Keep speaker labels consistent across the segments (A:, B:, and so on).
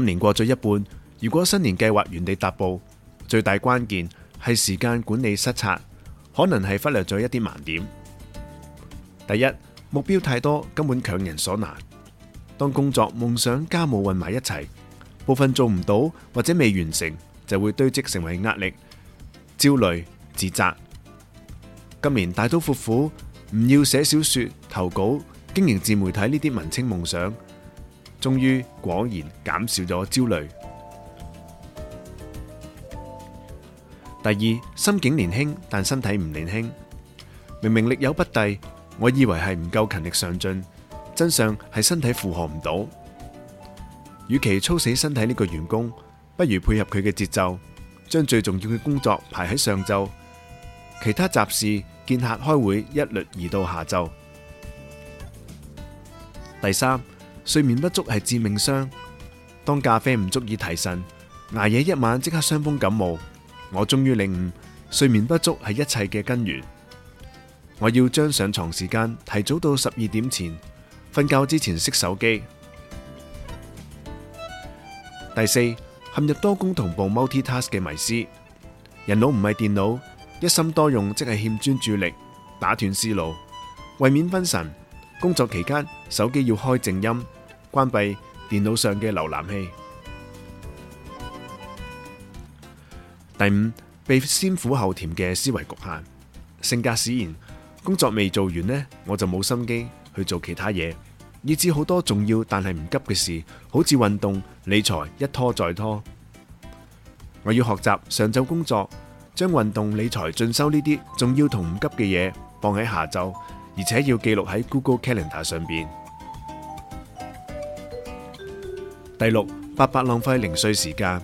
A: 今年過咗一半，如果新年計劃原地踏步，最大關鍵係時間管理失策，可能係忽略咗一啲盲點。第一，目標太多，根本強人所難。當工作、夢想、家務混埋一齊，部分做唔到或者未完成，就會堆積成為壓力、焦慮、自責。今年大刀闊斧，唔要寫小說投稿、經營自媒體呢啲文青夢想。終於果然減少咗焦慮。第二，心境年輕，但身體唔年輕。明明力有不逮，我以為係唔夠勤力上進，真相係身體負荷唔到。與其操死身體呢個員工，不如配合佢嘅節奏，將最重要嘅工作排喺上晝，其他雜事、見客、開會一律移到下晝。第三。睡眠不足係致命傷，當咖啡唔足以提神，挨夜一晚即刻傷風感冒。我終於領悟，睡眠不足係一切嘅根源。我要將上床時間提早到十二點前，瞓覺之前熄手機。第四，陷入多工同步 multi-task 嘅迷思：人腦唔係電腦，一心多用即係欠專注力，打斷思路，為免分神，工作期間手機要開靜音。關閉電腦上嘅瀏覽器。第五，被先苦後甜嘅思維局限，性格使然，工作未做完呢，我就冇心機去做其他嘢，以至好多重要但係唔急嘅事，好似運動、理財一拖再拖。我要學習上晝工作，將運動、理財、進修呢啲重要同唔急嘅嘢放喺下晝，而且要記錄喺 Google Calendar 上邊。第六，白白浪費零碎時間，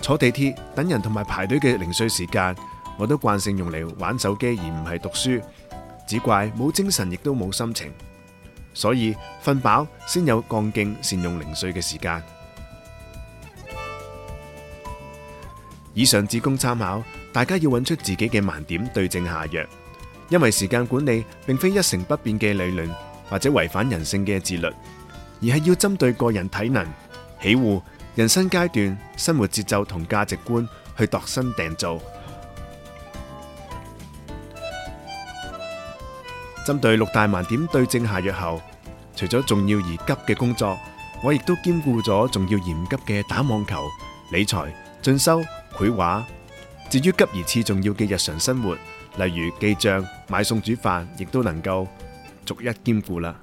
A: 坐地鐵、等人同埋排隊嘅零碎時間，我都慣性用嚟玩手機而唔係讀書，只怪冇精神亦都冇心情，所以瞓飽先有幹勁善用零碎嘅時間。以上只供參考，大家要揾出自己嘅盲點，對症下藥。因為時間管理並非一成不變嘅理論，或者違反人性嘅自律，而係要針對個人體能。喜惡、人生階段、生活節奏同價值觀去度身訂造。針對六大盲點對症下藥後，除咗重要而急嘅工作，我亦都兼顧咗重要而不急嘅打網球、理財、進修、繪畫。至於急而次重要嘅日常生活，例如記帳、買餸、煮飯，亦都能夠逐一兼顧啦。